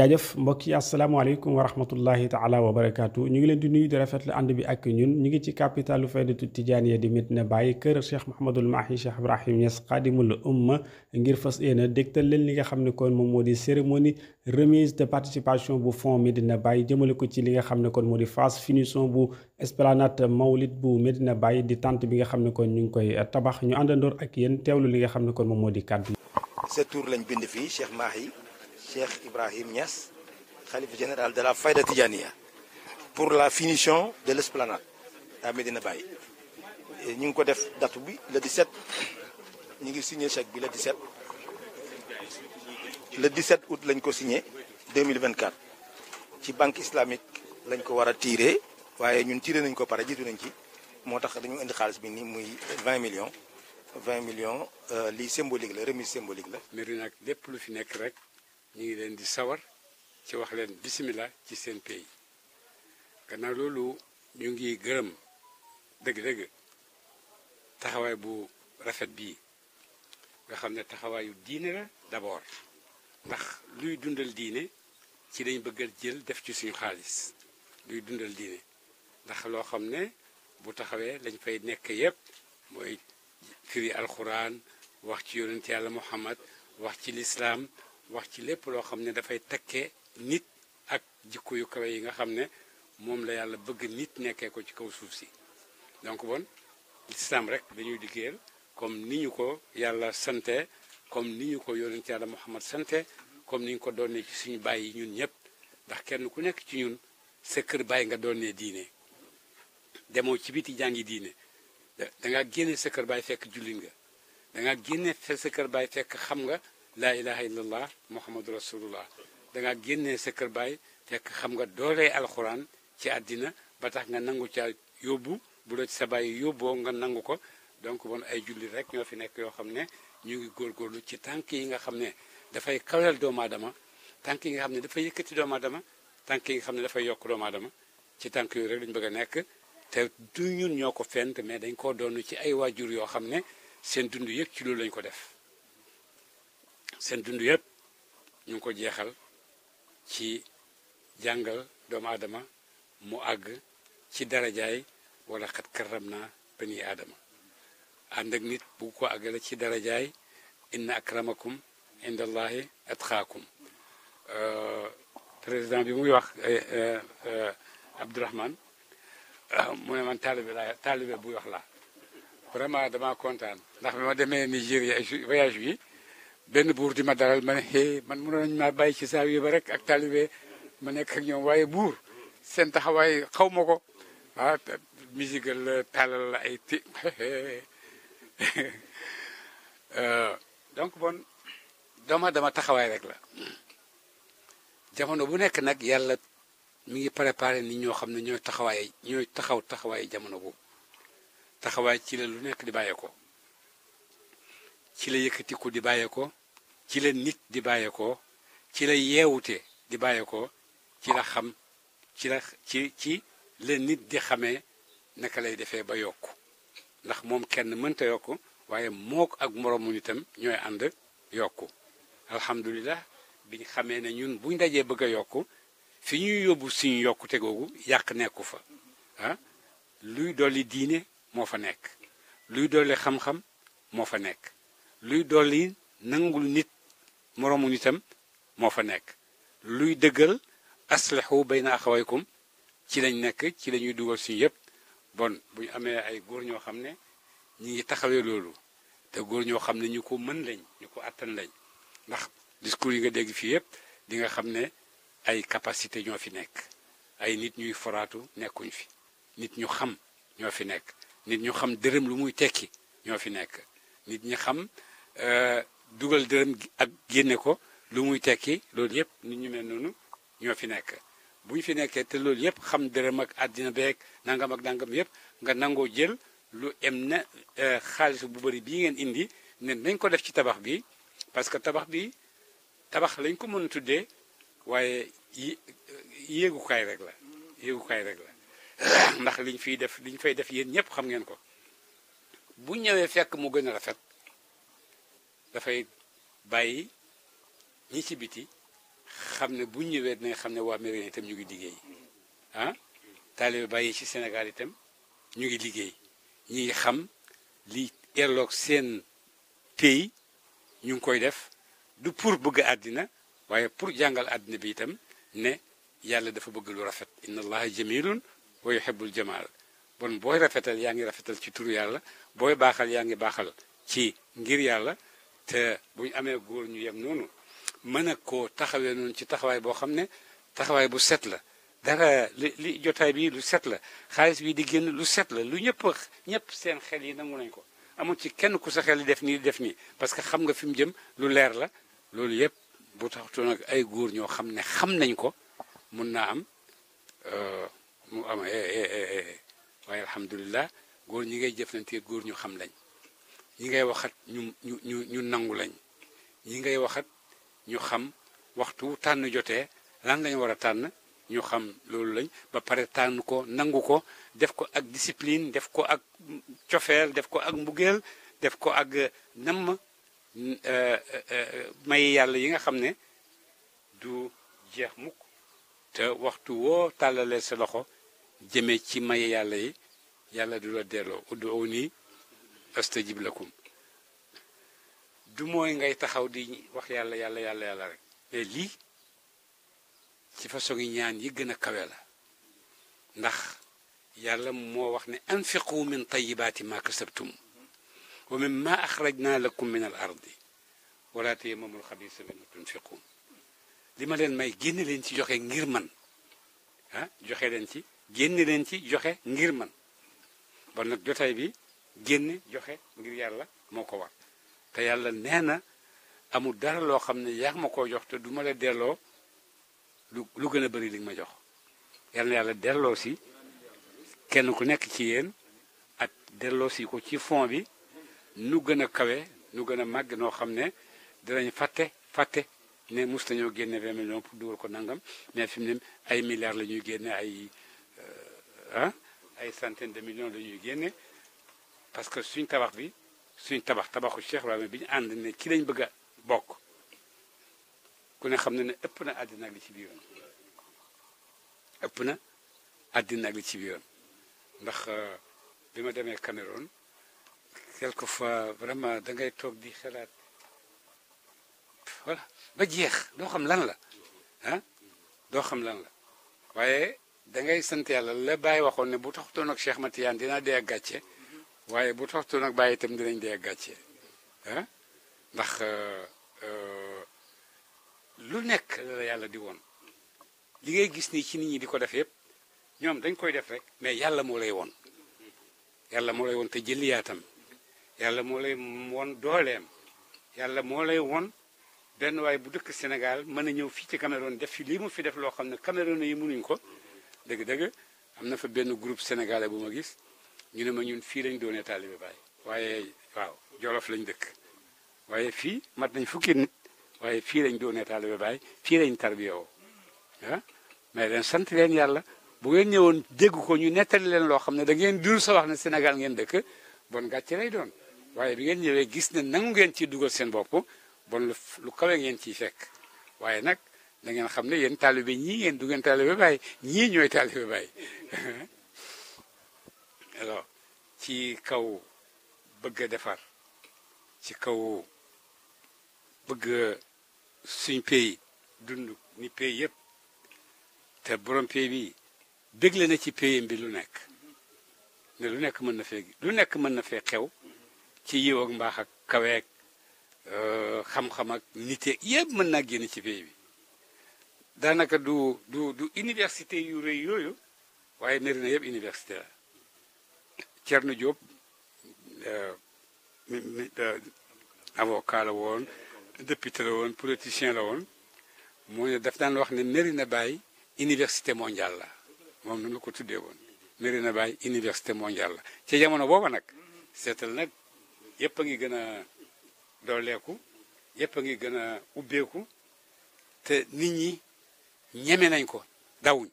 jajeuf mbokk yi alaykum wa rahmatullahi taala wa barakatuh ñu ngi leen di nuyu di rafetlu ànd bi ak ñun ñu ngi ci capitalu faydatu tidiane di mitna Baye keur Cheikh Mouhamadul Mahi Cheikh Ibrahim Niass qadimul umma ngir fas yéene dégtal leen li nga xamne kon mom modi ceremony remise de participation bu fond Medina Baye jëmele ko ci li nga xamne kon modi di phase finition bu esplanade maulid bu Medina Baye di tante bi nga xamne kon ñu ngi koy tabax ñu andandor ak yéen tewlu li nga xamne kon mom modi kàddu ce tour lañ bind fi Cheikh Mahi Cheikh Ibrahim Niass, Khalif général de la Faïda Tijaniya, pour la finition de l'esplanade à Medina Baye. Nous avons fait date le 17. Nous avons signé chèque le 17. Le 17 août, nous avons signé 2024. Ci banque islamique, nous avons tiré. Nous avons tiré, nous avons tiré, nous avons tiré, nous avons 20 millions. 20 millions euh, lii symbolique la remise symbolique la. mais nag lépp lu fi nekk rek. ñu ngi leen di sawar ci wax leen bisimilah ci seen pays gannaaw loolu ñu ngi gërëm dëgg-dëgg taxawaay bu rafet bii nga xam ne taxawaayu diine la d'abord ndax luy dundal diine ci dañ bëgg a jël def ci suñu xaalis luy dundal diine ndax loo xam ne bu taxawee lañ fay nekk yépp mooy firi alxuraan wax ci yonent yàlla muhammad wax ci lislaam wax ci lépp loo xam ne dafay tekkee nit ak jikko yu kawe yi nga xam ne moom la yàlla bëgg nit nekkee ko ci kaw suuf si donc bon lislaam rek dañuy liggéeyal comme ni ñu ko yàlla sante comme ni ñu ko ci yàlla Muhammad sante comme ni ñu ko doonee ci suñu bàyyi ñun ñëpp ndax kenn ku nekk ci ñun sa kër bàyyi nga doonee diine demoo ci biti jàngi diine danga génne sa kër bàyyi fekk jullit nga da nga génne sa kër bàyyi fekk xam nga laa ilaha illallah muhammadu rasulullah da ngaa génnee sa kër baay fekk xam nga doolee alxuraan ci àddina ba tax nga nangu caa yóbbu bu la ci sa baay yóbboo nga nangu ko donc bon ay julli rek ñoo fi nekk yoo xam ne ñu ngi góorgóorlu ci tànk yi nga xam ne dafay kawlal doomu aadama tànk yi nga xam ne dafa yëkkati doomu aadama tànk yi nga xam ne dafay yokk doomu aadama ci tànk yooyu rek lañu bëgg a nekk te du ñun ñoo ko fent mais dañ koo doon ci ay waajur yoo xam ne seen dund yëpp ci loolu lañ ko def seen dund yëpp ñu ko jeexal ci jàngal doomu aadama mu àgg ci darajaay wala xat karram naa bani aadama ànd ak nit bu ko àggale ci darajaay inna akramakum indallahi atqaakum président bi muy wax eh, eh, eh, Abdourahmane ah, mu ne man taalibe laa taalibe buy wax la vraiment dama kontaan ndax ma demee Nigéria voyage bi benn buur di ma dalal ma ne eh man mënoon nañu maa bàyyi ci saa yi ba rek ak taalibe ma nekk ak ñoom waaye buur seen taxawaay xaw ma ko ah musique la taalal la ay ti euh, donc bon dama dama taxawaay rek la jamono bu nekk nag yàlla mu ngi préparé nit ñoo xam ne ñooy taxaw taxawaay jamono boobu taxawaay ci la lu nekk di bàyyee ko ci la yëkkatiku di bàyyee ko ci la nit di bàyyeekoo ci la yeewute di bàyyeekoo ci la xam ci la ci ci la nit di xamee naka lay defee ba yokk ndax moom kenn mënta yokk waaye mook ak moroomu itam ñooy ànd yokk alhamdulilah biñ xamee ne ñun buñ dajee bëgg a yokk fi ñuy yóbbu suñ yokkute googu yàq nekku fa luy dolli diine moo fa nekk luy dolli xam-xam moo fa nekk luy dolli nangul nit moroomu nitam moo fa nekk luy dëggal aslixu bayna axawaykum ci lañ nekk ci lañuy dugal suñu yëpp bon bu ñu amee ay góor ñoo xam ne ñi ngi taxawee loolu te góor ñoo xam ne ñu ko mën lañ ñu ko àttan lañ ndax discours yi nga dégg fii yëpp di nga xam ne ay capacité ñoo fi nekk ay nit ñuy foraatu nekkuñ fi nit ñu xam ñoo fi nekk nit ñu xam dërëm lu muy tekki ñoo fi nekk nit ñi xam dugal dërëm ak génne ko lu muy tekki loolu yëpp nit ñu mel noonu ñoo fi nekk bu ñu fi nekkee te loolu yëpp xam dërëm ak àddina beeg nangam ak nangam yëpp nga nangoo jël lu em na e, xaalis bu bëri bii ngeen indi ne nañ ko def ci tabax bi parce que tabax bi tabax lañ ko mën a tuddee waaye e, yéegukaay rek la yéegukaay rek la ndax liñ fiy def liñ fay def yéen ñëpp xam ngeen ko bu ñëwee fekk mu gën a rafet dafay bàyyi ñi ci biti xam ne bu ñëwee dinañ xam ne waa Médina itam ñu ngi liggéey ah taalibe bàyyi ci Sénégal itam ñu ngi liggéey ñi ngi xam li erloog seen pays ñu ngi koy def du pour bëgg àddina waaye pour jàngal àddina bi itam ne yàlla dafa bëgg lu rafet inna allaha jamilun wa yuhibbul jamal bon booy rafetal yaa ngi rafetal ci turu yàlla booy baaxal yaa ngi baaxal ci ngir yàlla te bu ñu amee góor ñu yem noonu mën a koo taxawee noonu ci taxawaay boo xam ne taxawaay bu set la dara li li jotaay bi lu set la xaalis bii di génn lu set la lu ñëpp ñëpp seen xel yi nangu nañ ko amul ci kenn ku sa xel yi def nii def nii parce que xam nga fi mu jëm lu leer la loolu yëpp bu taxutoon nag ay góor ñoo xam ne xam nañ ko mun naa am euh, mu am eh, eh, eh, waaye alhamdulilah góor ñi ngay jëflante góor ñu xam lañ yi ngay waxat ñu ñu ñu ñu nangu lañ ñi ngay waxat ñu xam waxtu tànn jotee lan ngañ war a tànn ñu xam loolu lañ ba pare tànn ko nangu ko def ko ak discipline def ko ak cofeel def ko ak mbugeel def ko ak euh, namm euh, euh, may yàlla yi nga xam ne du jeex mukk te waxtu woo tàllalee sa loxo jëme ci may yàlla yi yàlla du la delloo uddu nii استجيب لكم دموي غاي تخاو دي واخ يالا يالا يالا يالا رك مي لي سي فاسوغي نيان يي غنا كاويلا نخ يالا مو واخ ني انفقوا من طيبات ما كسبتم ومما اخرجنا لكم من الارض ولا تيمموا الخبيث من تنفقون لما لين ماي ген لين سي جوخي غير مان ها جوخي لين سي ген لين سي جوخي غير مان با نك جوتاي بي génne joxe ngir yàlla moo ko war te yàlla nee na amul dara loo xam ne yaa ma koo jox te duma la delloo lu lu gën a bëri li ma jox yal yàlla delloo si kenn ku nekk ci yéen ak delloo si ko ci fond bi nu gën a kawe nu gën a màgg noo xam ne danañ fàtte fàtte ne mus nañoo génne vingt millions pour dugal ko nangam mais fi ne ay milliards la ñuy génne ay euh, ah ay centaine de millions la génne parce que suñ tabax bi suñ tabax tabaxu Cheikh Ibrahima bi ñu ànd ne ci lañ bëgg bokk ku ne xam ne ne ëpp na àddina ak li ci biiroon ëpp na àddina ak li ci biiroon ndax euh, bi ma demee Cameroun quelque fois vraiment da ngay toog di xalaat voilà ba jeex doo xam lan la ah doo xam lan la waaye dangay ngay sant yàlla la bàyyi waxoon ne bu taxutoon ak Cheikh Matiyaan dinaa dee ak gàcce. waaye bu toxtu nag bàyyi itam dinañ dee gàcce ah ndax euh, euh, lu nekk la la yàlla di woon li ngay gis nii ci nit ñi di ko def yëpp ñoom dañ koy def rek mais yàlla moo lay woon yàlla moo lay woon te jëliyaatam yàlla moo lay woon dooleem yàlla moo lay woon benn waaye bu dëkk Sénégal mën a ñëw fii ci Cameroun def fi lii mu fi def loo xam ne Cameroun yi mënuñ ko dëgg-dëgg am na fa benn groupe sénégalais bu ma gis ñu ne ma ñun fii lañ doonee taalibe Baay waaye waaw Jolof lañ dëkk waaye fii mat nañ fukki nit waaye fii lañ doonee taalibe Baay fii lañ tarbiyoo ah. mais den sant leen yàlla bu ngeen ñëwoon dégg ko ñu nettali leen loo xam ne dangeen ngeen dul sa wax ne Sénégal ngeen dëkk bon gàcce lay doon waaye bi ngeen ñëwee gis ne nangu ngeen ci dugal seen bopp bon lu kawe ngeen ciy fekk waaye nag da ngeen xam ne yéen taalibe ñii ngeen du ngeen taalibe Baay ñii ñooy taalibe Baay alors ci kaw bëgg defar ci kaw bëgg suñ pays dund ni pays yëpp te borom pays bi dégle na ci pays bi lu nekk ne lu nekk mën na fee lu nekk mën na fee xew ci yiw ak mbaax ak kaweek euh, xam-xam ak nite yëpp mën naa génn ci pays bi daanaka du du du université yu rëy yooyu waaye mari na yëpp université la Cerno Diop euh, euh, avocat la woon député la woon politicien la woon moo ne daf daan wax ne Médina Baye université mondiale la moom nu la ko tuddee woon Médina Baye université mondiale la ci jamono booba nag seetal nag yëpp a ngi gën a dooleeku yëpp a ngi gën a ubbeeku te nit ñi ñeme nañ ko dawuñ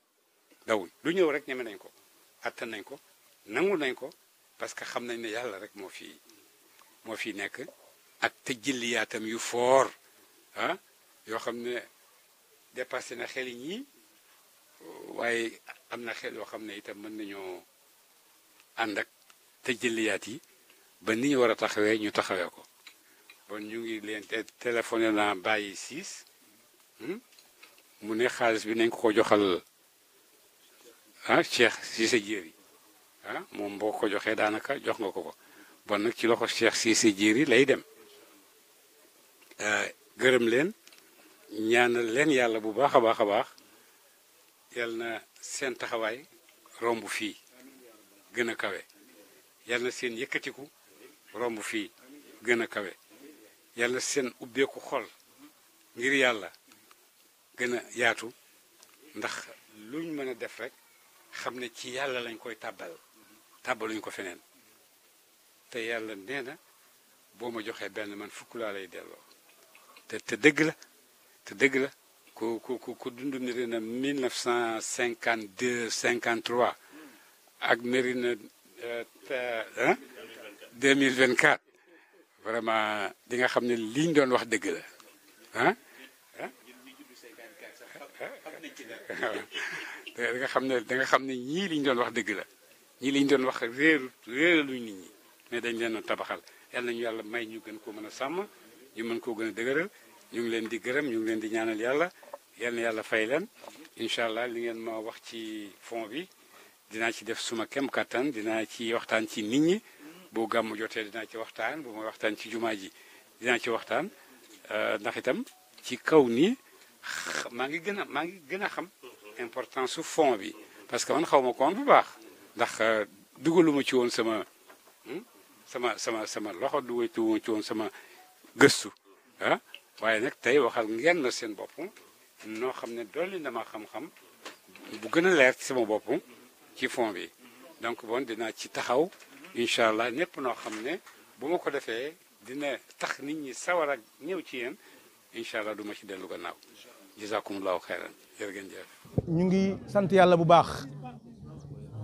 dawuñ lu ñëw rek ñeme nañ ko attan nañ ko nangul nañ ko parce que xam nañ ne yàlla rek moo fi moo fi nekk ak te tëjëliyaatam yu for ah yoo xam ne dépassé na xel ñi waaye am na xel yoo xam ne itam mën nañoo ànd ak tëjëliyaat yi ba ni ñu war a taxawee ñu taxawee ko bon ñu ngi leen téléphoné naa bàyyi siis mu ne xaalis bi nañ ko joxal ah Cheikh si sa jéer yi moom boo ko joxee daanaka jox nga ko ko bon nag ci loxo Cheikh si Diéry lay dem euh, gërëm leen ñaana leen yàlla bu baax a baax a baax yal na seen taxawaay romb fii gën a kawe yal seen yëkkatiku romb fii gën a kawe yal seen ubbeeku xol ngir yàlla gën a yaatu ndax luñ mën a def rek xam ne ci yàlla lañ koy tàbbal tàbbaluñu ko feneen te yàlla nee na boo ma joxee benn man fukk laa lay delloo te te dëgg la te dëgg la ku ku ku dundu Médina 1952 53 ak euh, hein? 2024 vraiment di nga xam ne liñ doon wax dëgg la hein? hein? ah. da nga xam ne da nga xam ne ñii liñ doon wax dëgg la. ñi liñ doon wax réeru réeraluñ nit ñi mais dañ leen a tabaxal yàlla nañu yàlla may ñu gën koo mën a sàmm ñu mën koo gën a dëgëral ñu ngi leen di gërëm ñu ngi leen di ñaanal yàlla yal na yàlla fay leen incha allah li ngeen ma wax ci fond bi dinaa ci def suma kem kàttan dinaa ci waxtaan ci nit ñi boo gàmmu jotee dinaa ci waxtaan bu ma waxtaan ci jumaa ji dinaa ci waxtaan euh, ndax itam ci kaw nii maa ngi gën a maa ngi gën a xam important su fond bi parce que ndax euh, dugaluma ci woon sama hmm, sama sama sama loxo dugaluma ci woon sama gëstu ah waaye nag tey waxal ngeen na seen boppu noo xam ne dolli na ma xam-xam bu gën a leer ci sama bopp ci fond bi donc bon dinaa ci taxaw incha allah ñëpp noo xam ne bu ma ko defee dina tax nit ñi sawar ak ñëw ci yéen incha duma ci dellu gannaaw. jazakumullahu xayran jërë ngeen jëf. ñu ngi sant yàlla bu baax.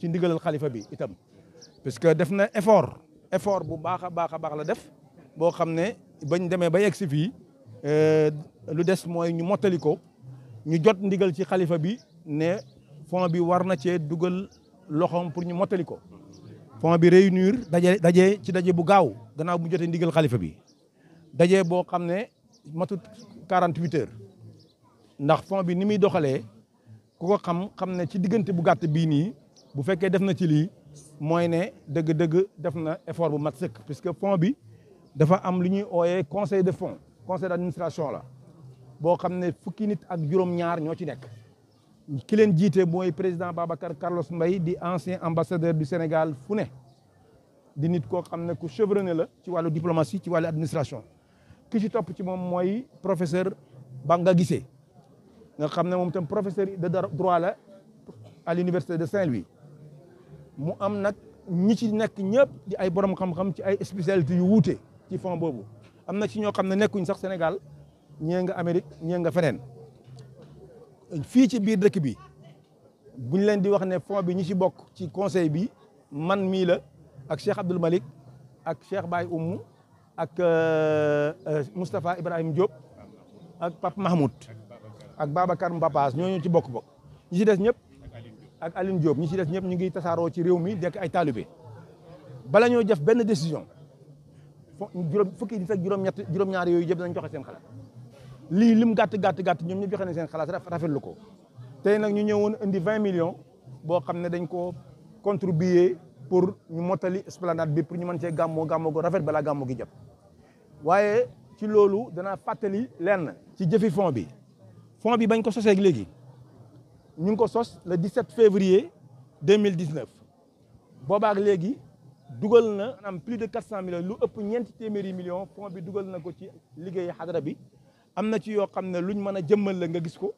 ci ndigalal xalifa bi itam parce que def na effort effort bu baax a baax a baax la def boo xam ne bañ demee ba yegg si fii euh, lu des mooy ñu mottali ko ñu jot ndigal ci xalifa bi ne fond bi war na cee dugal loxoom pour ñu mottali ko fond bi réunir daje daje ci daje bu gaaw gannaaw bu jotee ndigal xalifa bi daje boo xam ne matut 48 heures ndax fond bi ni muy doxalee ku ko xam xam ne ci diggante bu gàtt bii nii bu fekkee def na ci lii mooy ne dëgg-dëgg def na effort bu mat sëkk puisque fonds bi dafa am lu ñuy ooyee conseil de fond, conseil d'administration la boo xam ne fukki nit ak juróom-ñaar ñoo ci nekk ki leen jiite mooy président Babacar Carlos Mbaye di ancien ambassadeur du Sénégal fu ne di nit koo xam ne ku chevronné la ci wàllu diplomatie ci wàllu administration ki ci topp ci moom mooy professeur Banga Gissé. nga xam ne moom tam professeur de droit la à l'université de Saint-Louis mu am nak ñi ci nek ñepp di ay borom xam-xam ci ay spécialité yu wuté ci fond bobu amna ci ño xamne ne nekkuñ sax Sénégal ñee nga Amérique ñee nga fenen fi ci biir dëkk bi buñ leen di wax ne fond bi ñi ci bok ci conseil bi man mi la ak Cheikh Abdoul Malik ak Cheikh Baye Oumou ak euh, euh, mustapha Ibrahim Diop ak pap Mahmoud ak babakar Mbapas ñooñu ci bok bok ñi ci des ñepp ak Alioune Diop ñi ci def ñëpp ñu ngi tasaaroo ci réew mi dekk ay taalibe bala ñoo def benn décision fo juróom fukki nit ak juróom ñaar yooyu yëpp dañ joxe seen xalaat lii lim gàtt gàtt gàtt ñoom ñëpp joxe nañ seen xalaat rafetlu ko tey nag ñu ñëwoon indi 20 millions boo xam ne dañ ko contribuer pour ñu mottali esplanade bi pour ñu mën cee gàmmoo gàmmoo gu rafet bala gàmmoo gi jot waaye ci loolu danaa fàttali lenn ci jëfi fond bi fond bi bañ ko sosee léegi ñu ngi ko sos le 17 février 2019 boobaak Legui, dugal na am plus de 400 millions lu ëpp ñeenti téeméeri millions fonds bi dugal na ko ci liggéey xadara bi am na ci yoo xam ne luñ mën a la nga gis ko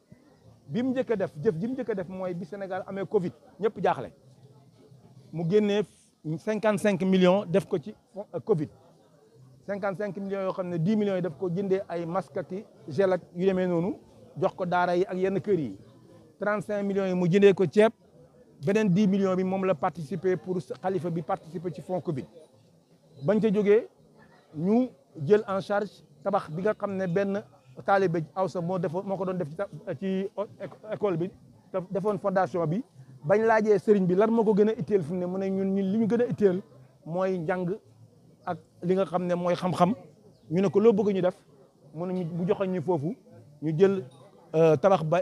bi mu a def jëf ji mu njëkk def moy bi Sénégal amé Covid ñëpp jaxlé mu génné 55 millions def ko ci euh, Covid 55 millions yo xamné 10 millions def ko jëndee ay masque ak gel ak yu démé nonu jox ko daara yi ak yenn kër yi. 35 millions yi mu jëndee ko ceeb benen 10 millions bi mom la participer pour khalifa bi participer ci fond Covid bañ ca jógee ñu jël en charge tabax bi nga xamné ne benn taalibe aw sa moo defoon moo def ci école bi defone fondation bi bañ lajé sëriñ bi lan moo gëna gën a itteel mu ne ñun ñun li gëna gën moy jang ak li nga xamné moy xam-xam ñu né ko lo bëgg ñu def mu ñu bu joxoñ ñu foofu ñu jël euh, tabax ba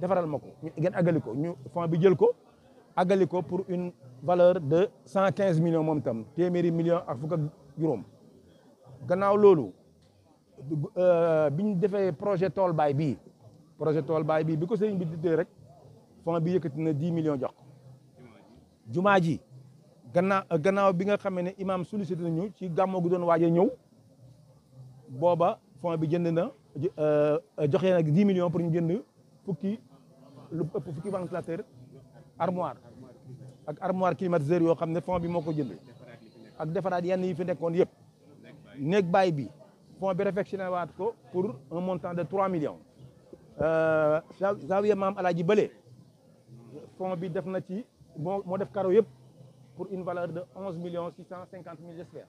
defaral mako ko ngeen àggali ñu fond bi jël ko agaliko pour une valeur de 115 millions mom tam téeméeri millions ak fuk ak juróom gannaaw lolu euh ñu défé projet tool baay bii projet tool baay bi biko sëriñ bi diddee rek fond bi yëkkati na 10 millions jox jumaa ji gannaaw gannaaw bi nga xamee imam sollicité nañu ci gàmmoo gu doon wajé ñew boba fond bi jënd na euh, joxé na 10 millions pour ñu jënd pour qui le peuple pour qui va la terre armoire ak armoire climatisée yo xamné fond bi moko jëndé ak défarat yenn yi fi nekkone yépp nek bay bi fond bi réfectionné wat ko pour un montant de 3 millions euh Xavier Mam Aladji Belé fond bi def na ci mo def carreau yépp pour une valeur de 11 millions 650 000 j'espère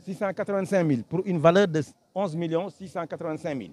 685 000 pour une valeur de 11 millions 685 000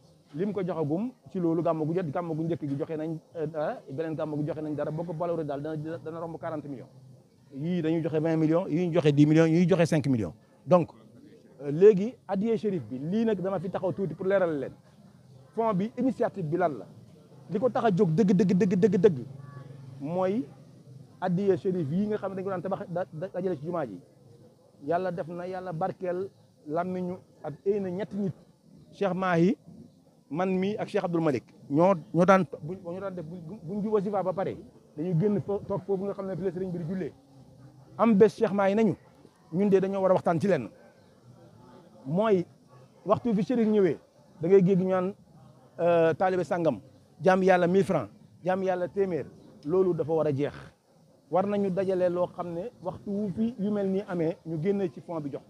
mu ko joxagum ci loolu gàmmu gu jot gàmmu gu njëkk gi joxe nañ eh, beneen gàmmu gu joxe nañ dara boo ko valoré daal dana dana romb 40 millions yii dañuy joxe 20 millions yii joxe 10 millions yii joxe 5 millions donc euh, léegi addiye shérif bi lii nag dama fi taxaw tuuti pour leeral leen fond bi initiative bi lan la li ko tax a jóg dëgg dëgg dëgg dëgg dëgg mooy addiye shérif yii nga xam ne dañ ko daan tabax dajale ci jumaa ji yàlla def na yàlla barkeel lammiñu ak ay na ñetti nit Cheikh Mahi man mi ak Cheikh Abdoul malik ñoo ñoo daan ñoo daan def buñu juba sifa ba pare dañu génn toog foofu nga xamné fi la serigne bi di jullee am bés Cheikh maa nañu ñun dé dañu wara a waxtaan ci lén moy waxtu fi sëriñ ñëwé da ngay géegi ñaan euh talibé sangam jaam yalla 1000 francs jaam yalla témèr lolu dafa wara jeex war nañu dajalé lo xamné waxtu wu fi yu melni amé ñu génne ci fond bi jox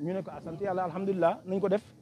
ñu ne ko ah sant yàlla alhamdulilah nañ ko def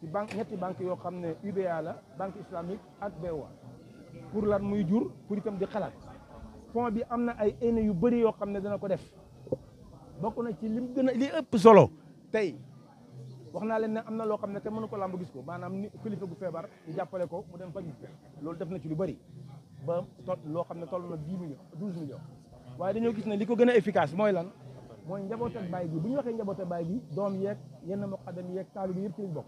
ci banque ñetti banque yoo xam ne UBA la banque islamique ak BOA pour lan muy jur pour itam di xalaat fond bi am na ay aînés yu bëri yoo xam ne dana ko def bokk na ci li mu gën a li ëpp solo tey wax naa leen ne am na loo xam ne te mënu ko làmb gis ko maanaam ni kilifa gu feebar ñu jàppale ko mu dem faju loolu def na ci lu bëri ba tol loo xam ne toll na dix millions douze millions waaye dañoo gis ne li ko gën a efficace mooy lan mooy njaboot ak baay gi bu ñu waxee njaboot ak baay gi doom yeeg yenn muqaddam yeeg taalibe yëpp ci lañ bokk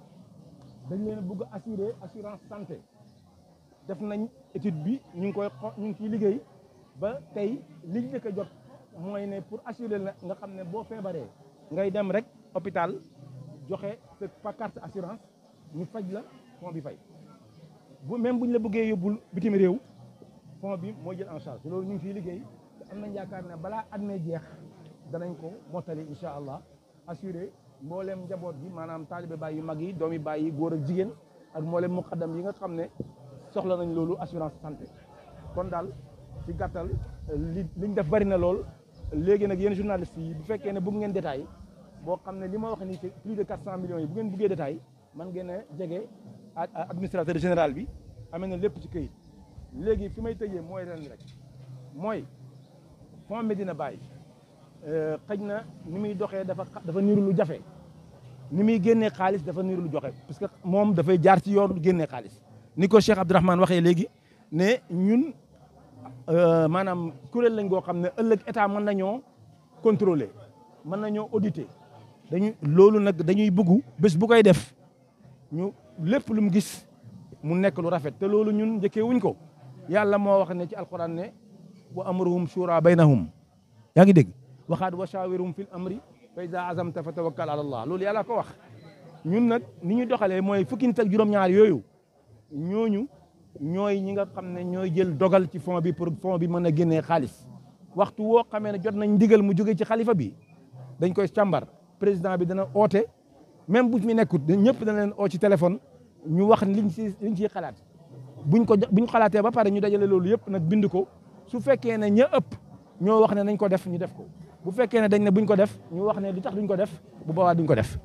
dañ leen bëgg a assurer assurance santé def nañ étude bi ñu koy ñu ngi ciy liggéey ba tay liñ njëkk a jot moy né pour assurer la nga xamné bo boo ngay dem rek hôpital joxe sa carte assurance ñu faj la fond bi fay bu même buñ la bëggee yobul bitim réew fond bi mooy jël en charge lolu ñu ngi ciy liggéey te am nañ yaakaar né balaa at mee jeex danañ ko motali inshallah assurer mboolem njaboot gi manam taalibe baay yu mag yi doomi yi góor ak jigen ak mboolem muqaddam yi nga xam soxla nañ lolu assurance santé kon dal ci gattal liñ def bari na lool léegi nag yéen journalistes yi bu fekkee ne bëgg ngeen détail bo xam lima wax ni ci plus de 400 millions yi bu ngeen bëggee détail man ngeen a jege administrateur général bi amena lepp ci këyit léegi fi may tëjee mooy ren rek moy fond medina Baye xëj na ni muy doxee dafa dafa niru lu jafe ni muy génnee xaalis dafa niru lu joxe parce que moom dafay jaar ci yoon génnee xaalis ni ko Cheikh Abdourahmane waxee léegi ne ñun maanaam kuréel lañ goo xam ne ëllëg état mën nañoo contrôler mën nañoo auditer dañu loolu nag dañuy bëggu bés bu koy def ñu lépp lu mu gis mu nekk lu rafet te loolu ñun njëkkee wuñ ko yàlla moo wax ne ci alquran ne wa amruhum shura baynahum yaa ngi dégg وخاد وشاورهم في الامر فاذا عزمت فتوكل على الله لول يالا loolu yàlla ko wax ñun nag ni ñu doxalee mooy fukki nit ak juróom-ñaar yooyu ñooñu ñooy ñi nga xamne ñoy jël dogal ci fond bi pour fond bi mëna gënné xaliss waxtu wo xamé na jot nañ ndigal mu joggé ci khalifa bi dañ koy càmbar président bi dana oté même bu mi nekkut ñëpp dana len o ci téléphone ñu wax liñ ci liñ ci xalaat buñ ko buñ xalaatee ba pare ñu dajale loolu yëpp nak bind ko su fekkee ne ña ëpp ñoo wax ne nañ ko def ñu def ko bu fekkee ne dañ ne buñ ko def ñu wax ne li tax duñ ko def bu boobaa duñ ko def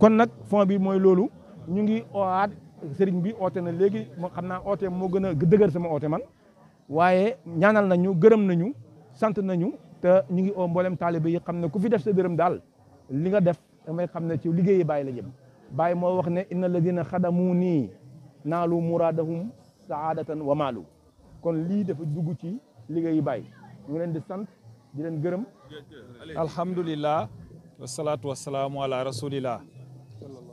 kon nag fond bi mooy loolu ñu ngi ooaat sëriñ bi oote na léegi moo xam naa oote moo gën a dëgër sama oote man waaye ñaanal nañu gërëm nañu sant nañu te ñu ngi oo mboolem taalibe yi xam ne ku fi def sa dërëm daal li nga def damay xam ne ci liggéey bàyyi la jëm bàyyi moo wax ne inna alladina xadamu nii naalu muraadahum saadatan wa maalu kon lii dafa dugg ci liggéeyi bàyyi ñu leen di sant di leen gërëm alhamdulilah wasalaatu wasalaamu ala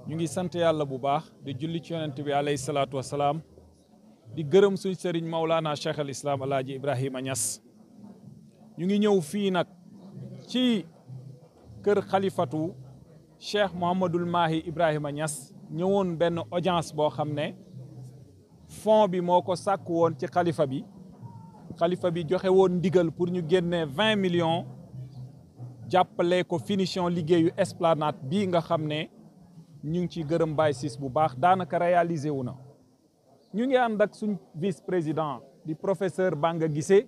ñu ngi sant yàlla bu baax di julli ci yonent bi alayhi salaatu wasalaam di gërëm suñ sëriñ Maulana Cheikh al Islam alaaji Ibrahima Niass ñu ngi ñëw fii nag ci kër xalifatu Cheikh Mouhamadul Mahi Ibrahima ñas ñëwoon benn audience boo xam ne fond bi moo ko sàkk woon ci xalifa bi Khalifa bi joxe won digal pour ñu génnee 20 millions jàppale ko finition liggéeyu esplanade bi nga xamné ñu ngi ci gëreum bay 6 bu baax daanaka réalisé wu na ñu ngi ak vice président di professeur Banga Guissé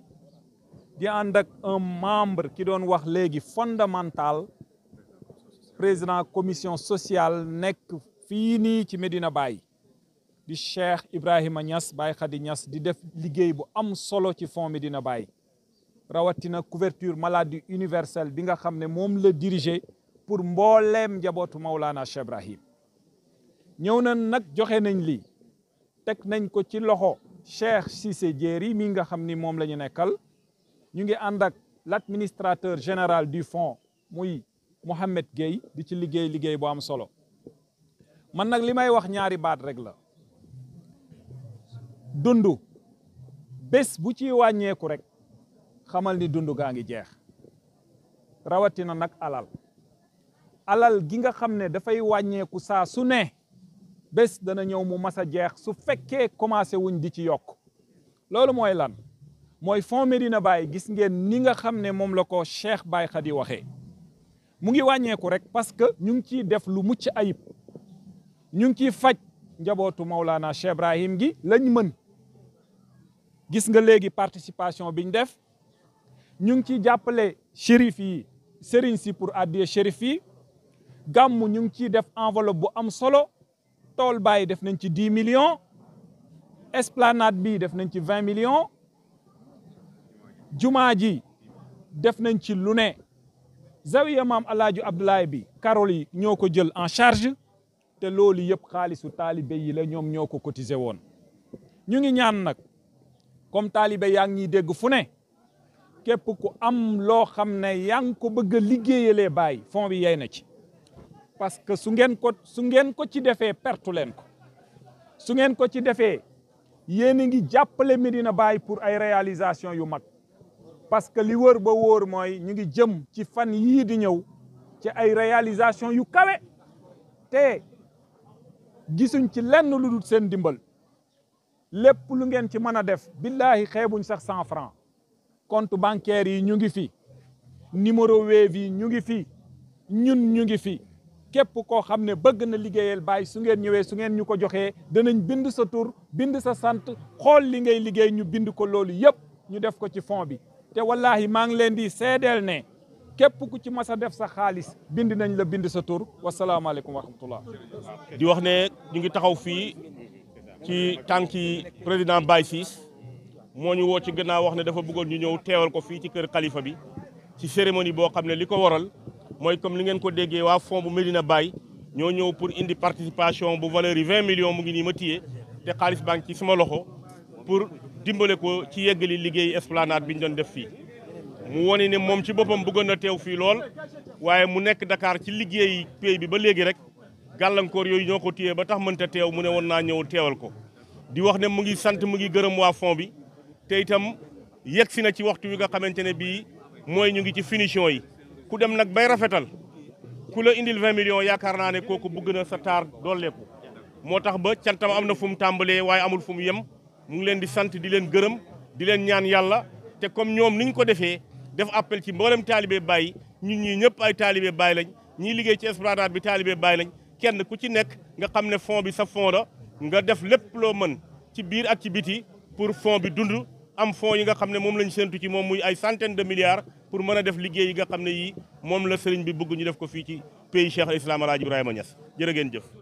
di ànd ak un membre ki doon wax légui fondamental président commission sociale nek fini ci Medina Baye di Cheikh Ibrahima Niass Baye Khady Niass di def liggéey bu am solo ci Fonds dina Baye rawatina couverture maladie universelle bi nga xam ne moom la diriger pour mbooleem njabootu Maulana Cheikh Ibrahim ñëw na nag joxe nañ li teg nañ ko ci loxo Cheikh Cissé Diéry mi nga xam ni moom la nekkal ñu ngi ànd ak l'administrateur général du fonds muy Mohamed Gueye di ci liggéey liggéey bu am solo man nag li may wax ñaari baat rek la dund bés bu ci wàññeeku rek xamal ni dund gaa ngi jeex rawatina nag alal alal gi nga xam ne dafay wàññeeku saa su nee bés dana ñëw mu mas a jeex su fekkee commencé wuñ di ci yokk loolu mooy lan mooy Fonds Médina Baye gis ngeen ni nga xam ne moom la ko Cheikh Baye Khady waxee mu ngi wàññeeku rek parce que ñu ngi ciy def lu mucc ayib ñu ngi ciy faj njabootu Maulana Cheikh Ibrahim gi lañ mën gis nga léegi participation bi ñu def ñu ngi ciy jàppale shérif yi sëriñ si pour addiye shérif yi gàmmu ñu ngi ciy def enveloppe bu am solo tool bàyyi def nañ ci dix million esplanade bi def nañ ci vingt millions jumaa ji def nañ ci lu ne zawiya maam alaaju abdoulaye bi karol yi ñoo ko jël en charge te loolu yëpp xaalisu taalibe yi la ñoom ñoo ko cotiser woon ñu ngi ñaan nag comme taalibe yaa ngi ñuy dégg fu ne képp ku am loo xam ne yaa ngi ko bëgg a liggéeyalee baay fond bi yey na ci parce que su ngeen ko su ngeen ko ci defee pertu leen ko su ngeen ko ci defee yéen a ngi jàppale Medina baay pour ay réalisation yu mag parce que li wër ba wóor mooy ñu ngi jëm ci fan yii di ñëw ci ay réalisation yu kawe te gisuñ ci lenn lu dul seen dimbal lépp lu ngeen ci mën a def billahi xeebuñ sax cent franc compte bancaire yi ñu ngi fi numéro Wave yi ñu ngi fi ñun ñu ngi fi képp koo xam ne bëgg na liggéeyal baay su ngeen ñëwee su ngeen ñu ko joxee danañ bind sa tur bind sa sant xool li ngay liggéey ñu bind ko loolu yépp ñu def ko ci fond bi te wallahi maa ngi leen di seedeel ne képp ku ci mas a def sa xaalis bind nañ la bind sa tur wasalaamaaleykum wa rahmatullah di wax ne ñu ngi taxaw fii ci tànki président Baye Ciss moo ñu woo ci gannaaw wax ne dafa bëggoon ñu ñëw teewal ko fii ci kër xalifa bi ci cérémonie boo xam ne li ko waral mooy comme li ngeen ko déggee waa fond bu Medina Baye ñoo ñëw pour indi participation bu valeur yi 20 mu ngi nii ma téye te xaalis baa ngi sama loxo pour dimbale ko ci yeggali liggéey esplanade bi ñu doon def fii. mu wone ne moom ci boppam buggoon na teew fii lool waaye mu nekk Dakar ci liggéey pays bi ba léegi rek. gàllankoor yooyu ñoo ko téye ba tax ta teew mu ne woon naa ñëw teewal ko di wax ne mu ngi sant mu ngi gërëm waa fond bi te itam yegg si na ci waxtu wi nga xamante ne bii mooy ñu ngi ci finition yi ku dem nag bay rafetal ku la indil 20 millions yaakaar naa ne kooku bëgg na sa taar dooleeku moo tax ba cantam am na fu mu tàmbalee waaye amul fu mu yem mu ngi leen di sant di leen gërëm di leen ñaan yàlla te comme ñoom ni ñu ko defee def appel ci mboolem taalibe Baye ñun ñii ñëpp ay taalibe Baye lañ ñii liggéey ci esplanade bi taalibe Baye lañ kenn ku ci nekk nga xam ne fon bi sa fond la nga def lépp loo mën ci biir ak ci biti pour fon bi dund am fonds yi nga xam ne moom lañ séntu ci moom muy ay centaine de milliards pour mën a def liggéey yi nga xam ne yii moom la sëriñ bi bëgg def ko fii ci pays Cheikh al Islam El Hadj Ibrahima Niass jërë ngeen jëf.